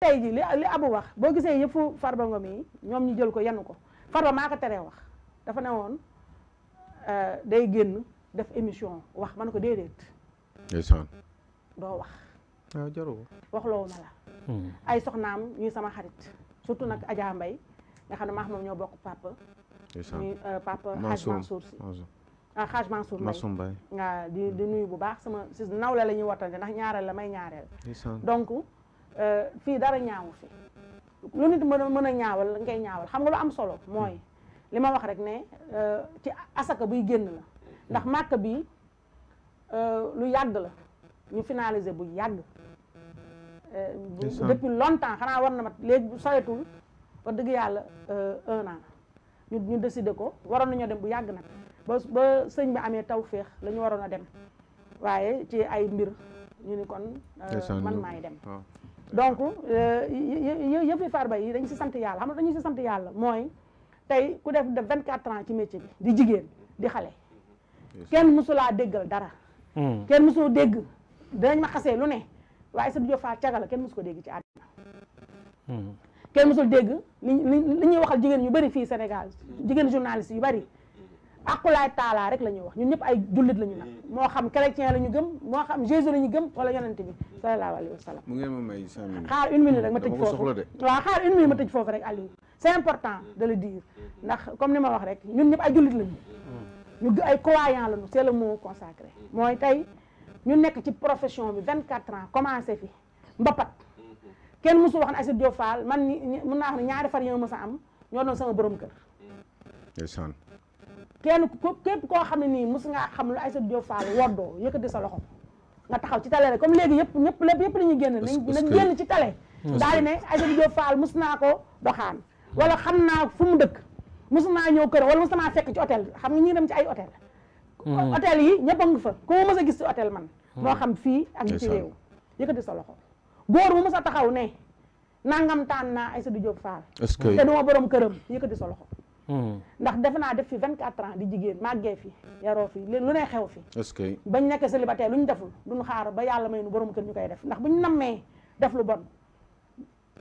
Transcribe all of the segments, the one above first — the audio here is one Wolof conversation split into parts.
tey ji li li abu wax boo gisee yëpp farba ngom yi ñoom ñu jël ko yenn ko farba maa ko tere wax dafa ne woon euh, day génn def émission wax man ko déedéet ndeysaan doo wax waaw ah, jarul waxloowu ma la hmm. ay soxnaam ñuy sama xarit surtout nag Adja Mbaye nga xam ne maax moom ñoo bokk papa ñuy euh, papa Hadj Mansour si ah Hadj Mansour Mbaye nga di di hmm. nuyu bu baax sama si nawle la ñuy wattante ndax ñaareel la may ñaareel donc Eh, fii dara ñaawu fi lu nit mën a mën a ñaawal nga koy ñaawal xam nga lu am solo mooy li ma wax rek ne eh, ci asaka buy génn la ndax màkk bi eh, lu yàgg la ñu finaliser bu yàgg depuis longtemps xanaa war na mat léegi bu soretul wax dëgg yàlla un an ñu ñu ko waroon nañoo dem bu yàgg nag ba sëñ bi amee taw féex lañu waroon a dem waaye ci ay mbir ñu ni kon man maay dem donc euh, yëf yi Farba yi dañ si sant yàlla xam nga si sant yàlla mooy tey ku def def vingt quatre ans ci métier bi di jigéen di xale kenn mosulaa déggal dara hmm. kenn mosuloo dégg dinañ ma xasee lu ne waaye Aïssatou Diop Fall caga la kenn mosu ko dégg ci àddina hmm. kenn musul dégg li li ñuy waxal jigéen ñu bëri fii Sénégal jigéen journaliste yu bari aqulaay taalaa rek la ñuy wax ñun ñëpp ay jullit la ñu nag mm. moo xam chrétien la ñu gëm moo xam Jésus la ñu gëm wala yonent bi sallallahu alayhi wa sallam mu ngeen ma may cinq minutes xaar une minute rek ma mm. tëj foofu waaw xaar une minute ma tëj foofu rek Aliou c'est important de le dire ndax comme ni ma wax rek ñun ñëpp ay jullit la ñu ñu ay croyant la see c'est le mot consacré mooy tey ñu nekk ci profession bi vingt quatre ans commencé fi mbapat kenn mosu wax na Aïssatou Diop Fall man mën naa wax ne ñaari far ma sa am ñoo doon sama borom kër kenn képp koo xam ne nii mos ngaa xam lu Aïssatou Diop Fall woddoo yëkkati sa loxo nga taxaw ci tale rek comme léegi yëpp ñëpp lépp yëpp dañuy génn nañ génn ci tale daal di ne Aïssatou Diop Fall mos naa ko doxaan hmm. wala xam naa fu mu dëkk mos naa ñëw kër wala mos naa fekk ci hôtel xam nga ñuy dem ci ay hôtel hmm. hôtel yi ñëpp a ngi fa ku ma mos a gis ci hôtel man hmm. moo xam fii ak ci réew yëkkati sa loxo góor mu mos a taxaw ne nangam taan naa Aïssatou sa Fall te duma borom këram yëkkati sa loxo Hmm. ndax def naa def fi vingt quatre ans di jigéen màggee fi yaroo fi lu ne xew fi est-ce que bañ nekk célibataire lu ñu deful duñ xaar ba yàlla may nu borom kër ñu koy def ndax bu ñu nammee def lu bon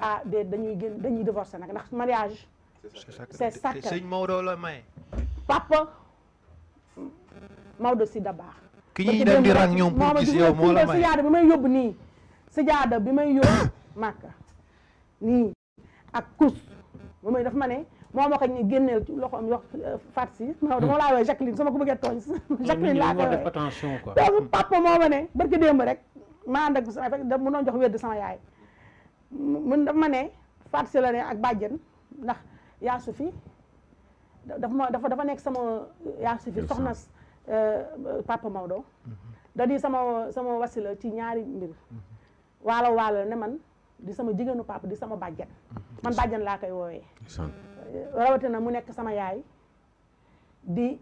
ah de dañuy génn dañuy divorcé nag ndax mariage c'est sacré sëñ Maodo la may papa Maodo si da baax ki ñuy dem di rang ñoom pour gis yow moo bi may yóbbu nii si sijaada bi may yóbbu màkka nii ak kus ba may def ma ne moo ma ko ñu génneel ci loxoom yox euh, fat si hmm. ma dama laa wooye Jacqueline sama ko bëggee tooñ hmm. Jacqueline laa koy wooye donc ma ne barki démb rek ma ànd ak sama fekk da mënoon jox wér de sama yaay mun la ne ak bàjjen ndax yaa fi dafa ma dafa dafa nekk sama yaa su fi soxna euh, papa Maodo hmm. da sama sama wasila ci ñaari mbir ne man di sama jigéenu papa di sama bàjjen man bàjjen laa koy woowee rawatina mu nekk sama yaay di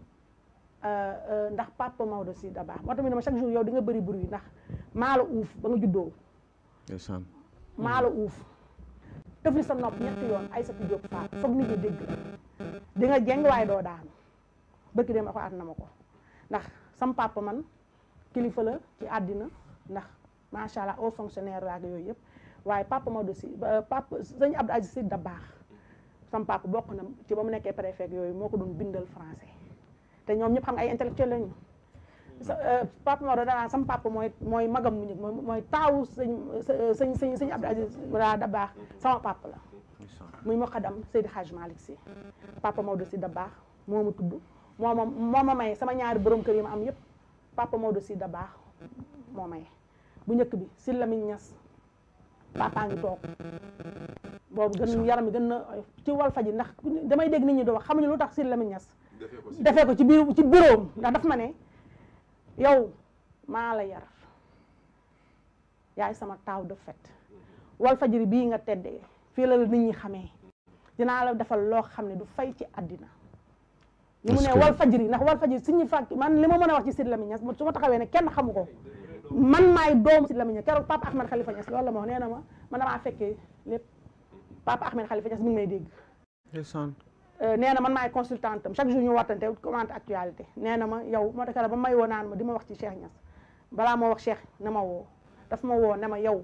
euh, euh, ndax papa Maodo si da baax moo tax ma chaque jour yow di nga bëri bruit ndax maa uuf ba nga juddoo. ndeysaan maa la uuf. sa nopp ñetti yoon ay sa tu jóg faat foog nit ñi dégg di nga jeng waaye doo daanu bëkki dem ako at na ma ko ndax sam papa man kilifa la ci àddina ndax macha allah haut fonctionnaire laak yooyu yëpp waaye papa Maodo si euh, papa sëñ Abdou Aziz Sy da baax sam papa bok na ci bamu nekké préfet yoy moko doon bindal français té ñom ñep xam ay intellectuel lañu mm. euh, papa mo dara sam papa moy moy magam ñu ñëg mooy taawu señ señ sëñ Abdou Aziz wala da mm-hmm. sama papa la muy mokadam seydou Hadj malik si papa do si da baax tuddu ma tudd may sama ñaar borom kër yi ma am yépp papa do si da baax may bu njëkk bi si Lamine ñass papa ngi tok boobu gën yaram mi gën na ci wal faji ndax damay dégg nit ñi doo wax xamuñu lu tax Sidy Lamine Niass defee ko ci biir ci bureau ndax daf ma ne yow maa la yar yaay sama taaw de fait mhm. wal fajiri bii nga teddee fii la la nit ñi xamee dinaa la defal loo xam ne du fay ci àddina ñu mu ne wal fajiri ndax wal man li ma mën a wax ci Sidy Lamine Niass su ma taxawee ne kenn xamu ko man maay doom Sidy Lamine Niass keroog Pape Ahmed Khalifa Niass loolu la ma wax nee na ma man damaa fekkee papa Ahmed Khalifa Niass mi ngi may dégg. ndeysaan. nee na man may consultante chaque jour ñu watante commenté actualité nee ma yow mo tax ba may woo ma dima wax ci Cheikh Niass bala mo wax Cheikh nama wo daf ma wo nama yow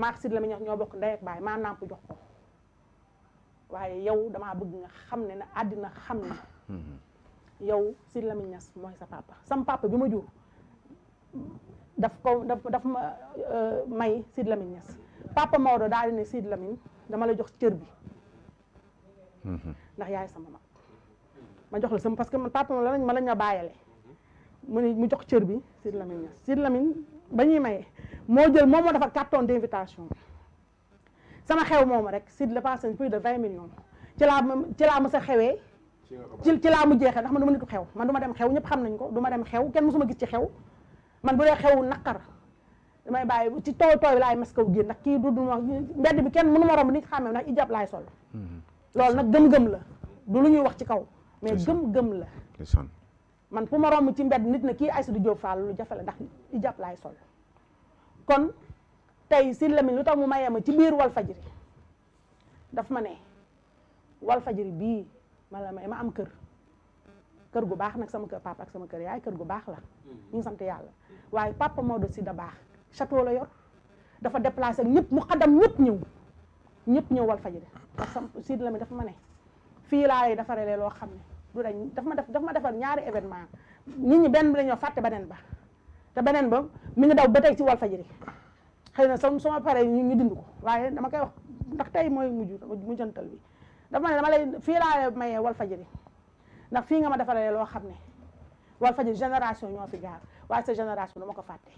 maax Sidi Lamine ño bok nday ak bay ma nàmp jox ko waye yow dama bëgg nga xamne na adina xamne na. yow Sidi Lamine Niass moy sa papa sam papa bima jur daf ko daf ma may Sidi Lamine Niass. papa Maodo daal di ne Sidi Lamine dama la jox cër bi mhm. ndax yaay sama mag ma jox la sama parce que man papa Maodo ma la ñu bàyyale mu ne mu jox cër bi Sidi Lamine Niass Sidi Lamine ba ñuy maye moo jël moom moo defal carton d' invitation sama xew moom rek Sidi la passé plus de vingt millions ci laa ci laa mës sa xewee ci ci laa mu jeexee ndax ma du ma nitu xew man du ma dem xew ñëpp xam nañ ko duma dem xew kenn mësuma gis ci xew man bu dee xew naqar damay bàyyi ci tooy tooy laay maskaw génn nag kii du ma mbedd bi kenn mënu ma romb ni xàmmee ndax ijab laay sol mm-hmm. loolu nag gëm-gëm la du lu ñuy wax ci kaw mais gëm-gëm la man fu ma romb ci mbedd nit na kii Aïssatou Diop Fall lu jafe la ndax ijab laay sol kon tey si Lamine lu tax mu mayee ma ci biir Walfadjri daf ma ne Walfadjri bii ma la may ma am kër kër gu baax nag sama kër papa ak sama kër yaay kër gu baax la mm-hmm. ñu ngi sant yàlla waaye papa moo si baax château la yor dafa déplacé ak ñëpp mu xadam ñëpp ñëw ñëpp ñëw Walfadjri parce que Sidi Lamine dafa ma ne fii laa lay defaree loo xam ne du dañ daf ma def daf ma defal ñaari événement nit ñi benn bi fàtte beneen ba te beneen ba mi ngi daw ba tey ci Walfadjri xëy na sama sama pare ñu dind ko waaye dama koy wax ndax tey mooy mujj mujjantal bi dafa ma ne dama lay fii laa mayee Walfadjri ndax fii nga ma defaree loo xam ne Walfadjri génération ñoo fi jaar waaye sa génération dama ko fàtte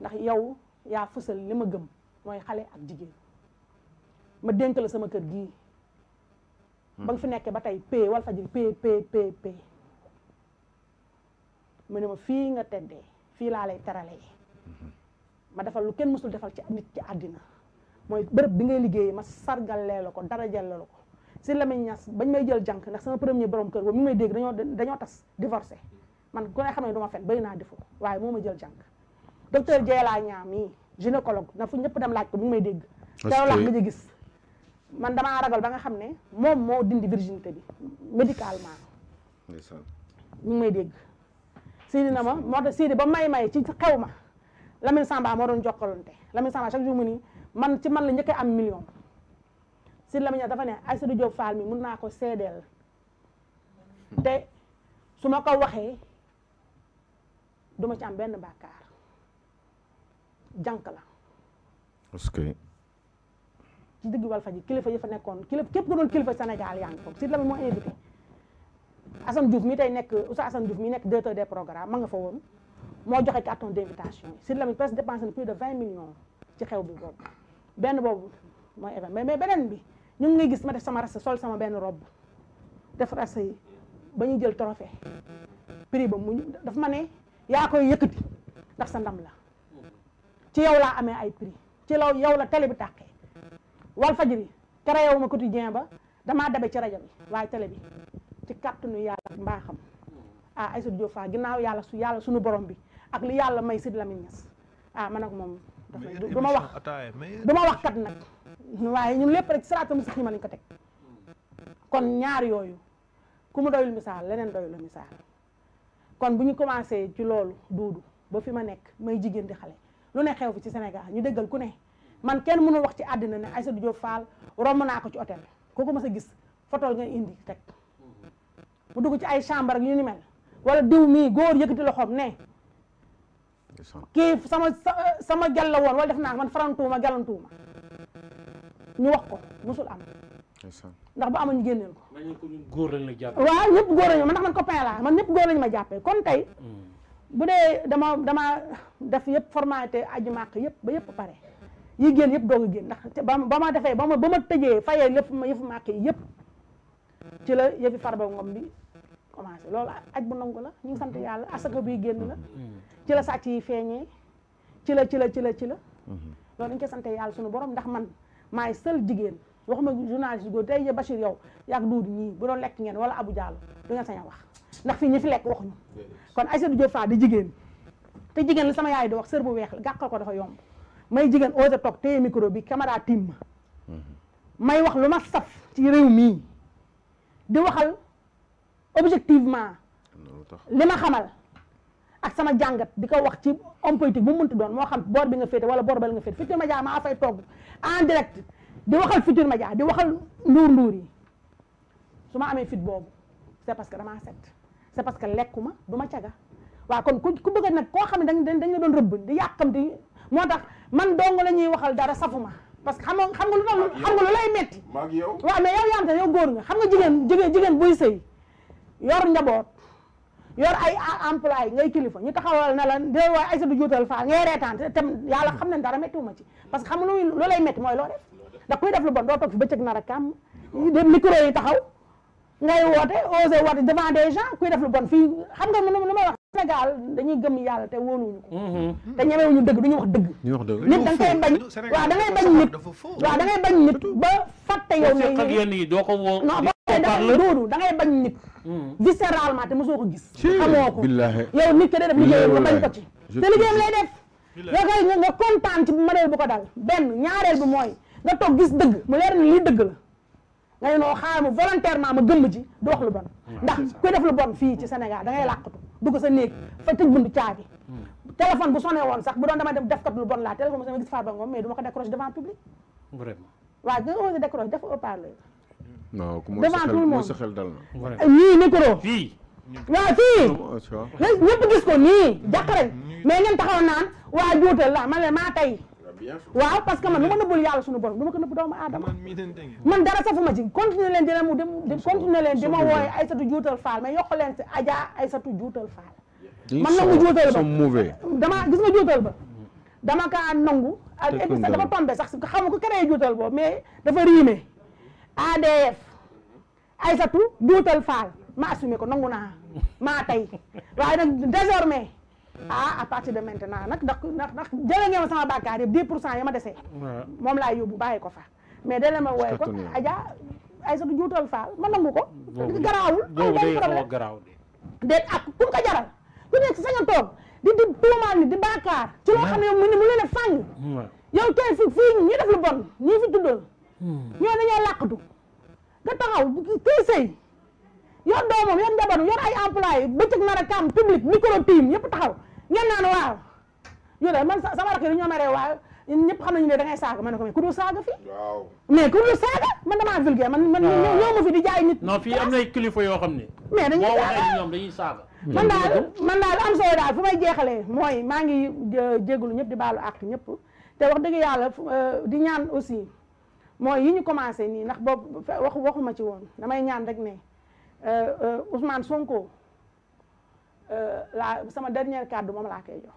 ndax yow yaa fësal li ma gëm mooy xale ak jigéen ma dénk la sama kër gii hmm. ba nga fi nekkee ba tey pay wal fajiri pay pay pay mu ne ma fii nga teddee fii laa lay teralee hmm. ma defal lu kenn mësul defal ci nit ci àddina mooy bërëb bi ngay liggéeyee ma sargalee la ko dara la ko si Lamine Niass bañ may jël jànk ndax sama premier borom kër boobu mi may dégg dañoo dañoo tas divorcé man ku ne xam ne duma fen bay naa defoo waaye moo ma jël jànk docteur Diela Niang mii gynécologue na fu ñëpp dem laaj ko mu may dégg teew laax nga gis man damaa ragal ba nga xam ne moom moo dindi virginité bi médicalement ñu ngi may dégg Sidi na ma moo tax Sidi ba may may ci xew ma Lamine moo doon jokkalante Lamine Samba chaque jour mu ni man ci man la njëkkee am million Sidi Lamine dafa ne Aïssatou Diop Fall mi mun naa ko seedeel te su ma ko waxee duma ci am benn bàkkaar jànk la. parce que. ci digg Walfadjri kilifa yi fa nekkoon kilifa képp ku doon kilifa Sénégal yaa ngi toog si la moo invité Assane Diouf mi tey nekk Oustaz Assane Diouf mi nekk directeur des programmes ma nga fa woon moo joxe carton d'invitation yi si la mi presque dépensé na plus de vingt millions ci xew bi boobu benn boobu moo événement mais mais beneen bi ñu ngi ngay gis ma def sama rasta sol sama benn robe def rasta yi jël trophée prix ba dafa ma ne yaa koy yëkkati ndax sa ndam la ci yow laa amee ay prix ci law yow la télé bi tàqee wal fajri créé wu ma quotidien ba damaa dabe ci rajo bi waaye télé bi ci kàttanu yàlla mbaa xam ah Aïssatou Diop Fall ginnaaw yàlla su yàlla suñu borom bi ak li yàlla may Sidy Lamine Niass ah man nag moom dafay du ma wax du wax kat nag waaye ñu lépp rek siraatal mustaqiim lañ ko teg kon ñaar yooyu ku mu doyul misaal leneen doyul la misaal kon bu ñu commencé ci loolu duudu ba fi ma nekk may jigéen di xale lu ne xew fi ci Sénégal ñu déggal ku ne man kenn mënul wax ci àddina ne Aïssatou Diop Fall romb naa ko ci hôtel kooku mës a gis fotol nga indi teg mu dugg ci ay chambre ak yu ni mel wala diw mii góor yëkkati loxoom ne kii sama sama gàll la woon wala def naa man farantuuma gàllantuuma ñu wax ko musul am ndax ba a ñu génneel ko waaw ñëpp góor lañu ma ndax man copain laa man ñëpp góor lañu ma jàppee kon tey mm. bu dee dama dama def yëpp formaté aju màq yëpp ba yëpp pare yi génn yëpp doog génn ndax ba ba ma defee ba ma ba ma tëjee fayee lépp ma yëfu màq yi yëpp ci la yëfi farba ngom bi commencé loolu aj bu nangu la ñu ngi sant yàlla asaka biy génn la ci la sàcc yi feeñee ci la ci la ci la ci la mhm. loolu dañ koy sant yàlla suñu borom ndax man maay sël jigéen wax journaliste yu góor tey jii Bachir yow yàgg duudi ñii bu doon lekk ngeen wala Abou Diallo du ngeen sañ a wax ndax fii ñi fi lekk waxuñu kon Aïssatou Diop Fall di jigéen te jigéen la sama yaay di wax sër bu weex la ko dafa yomb may jigéen ose toog téye micro bi caméra mm-hmm. may wax lu ma saf ci réew mii di waxal objectivement li ma xamal ak sama jàngat di ko wax ci homme politique bu mu mënti doon moo xam boor bi nga féete wala boor bal nga féete fi ma jaa maa fay toog en direct di waxal futur média di waxal nduur nduur yi su ma amee fit boobu c'est parce que damaa set c'est parce que lekkuma du ma caga waaw kon ku ku bëgg nag koo xam ne dañ dañ la doon rëbb di yàqamti moo tax man dong la ñuy waxal dara safuma parce que xam nga xam nga lu tax xam nga lu lay metti maag yow waaw mais yow yaante yow góor nga nga jigéen jigéen jigéen buy sëy yor njaboot yor ñu taxawal na la de waay ay sa du juutal yàlla xam ne dara méttiwu ma ci parce que xam nga lu lay mooy loo def ndax kuy def lu bon doo toog fi bëccëg nar a kàmm de micro yi taxaw ngay woote osé woote devant des gens kuy def lu bon fi xam nga nu nu may wax da dañuy gëm yàlla te wóoluwuñu ko mm-hmm. te ñemewuñu dëgg du ñu wax dëgg nit da nga koy bañ waaw da ngay bañ nit waaw da ngay bañ nit ba fàtte yow ne doo ko woo non boo doodu da ngay bañ nit mm. viscéralement te mosoo gis xamoo ko yow nit ke dee def liggéeyam nga bañ ko ci te liggéeyam lay def yoo koy nga kontaan ci modèle bu ko dal benn ñaareel bi mooy nga toog gis dëgg mu leer ni lii dëgg la nga ne noo xaaral ma volontairement ma gëmm ji du lu bon ndax kuy def lu bon fii ci Sénégal da ngay làqatu dugg sa néeg fa tëj bunt caabi hmm. téléphone bu sonné woon sax bu doon dama dem defkat lu bon laa téléphone bu sama gis Farba Ngom mais du ma ko décroche devant public vraiment waaw nga osé décroche dafa haut-parleur non ku devant tout le fii waaw fii gis ko nii jàqarañ mais ngeen taxaw waa juutal la man leen maa tey waaw parce que man lu ma nëbbul yàlla suñu borom du ma ko nëbb doomu aadama man dara safuma ci continuer leen dina mu dem continuer di ma wooye Aysatu juutal juutal faal man nangu juutal ba dama gis nga juutal ba mm. dama kaa nangu et puis dafa tombé sax xam nga ko créé juutal boobu mais dafa riime ADF Aysatu juutal faal ma assumé ko nangu naa maa tey waaye nag ah à partir de maintenant nag ndax ndax ndax jëlee ngeen ma sama bàkkaar yëpp 10 pour cent yi ma desee moom laa yóbbu bàyyi ko fa mais dale ma wooye ko aja ay sa juutal faal ma nangu ko garaawul problème garaaw déet ak ku ko jaral ku nekk sañ a toog di di tuumaal di bàkkaar ci loo xam ne yow mu ne mu a yow tey fi fii ñi def lu bon ñii fi tuddal hmm. ñoo dañoo làqatu nga kii sëy yor doomam yor njaboot yor ay employé bëccëg nar a kaam public micro team yëpp taxaw ngeen naan waaw yo la man sama rakk yi ñoo maree waaw ñëpp xam nañu ne da ngay saaga ne ko mais ku dul saaga fii waaw man damaa vulgaire man ma fi di jaay nit non fii am na kilifa yoo xam ne mais dañuy saaga ñoom dañuy saaga man daal man daal am solo daal fu may jeexalee mooy maa ngi euh, jégalu ñëpp di baalu àq ñëpp te wax dëgg yàlla euh, di ñaan aussi mooy yi ñu commencé nii ndax boobu waxu waxuma ci woon damay ñaan rek ne Euh, euh, Ousmane Sonko euh, laa sama dernier kàddu moom laa koy jox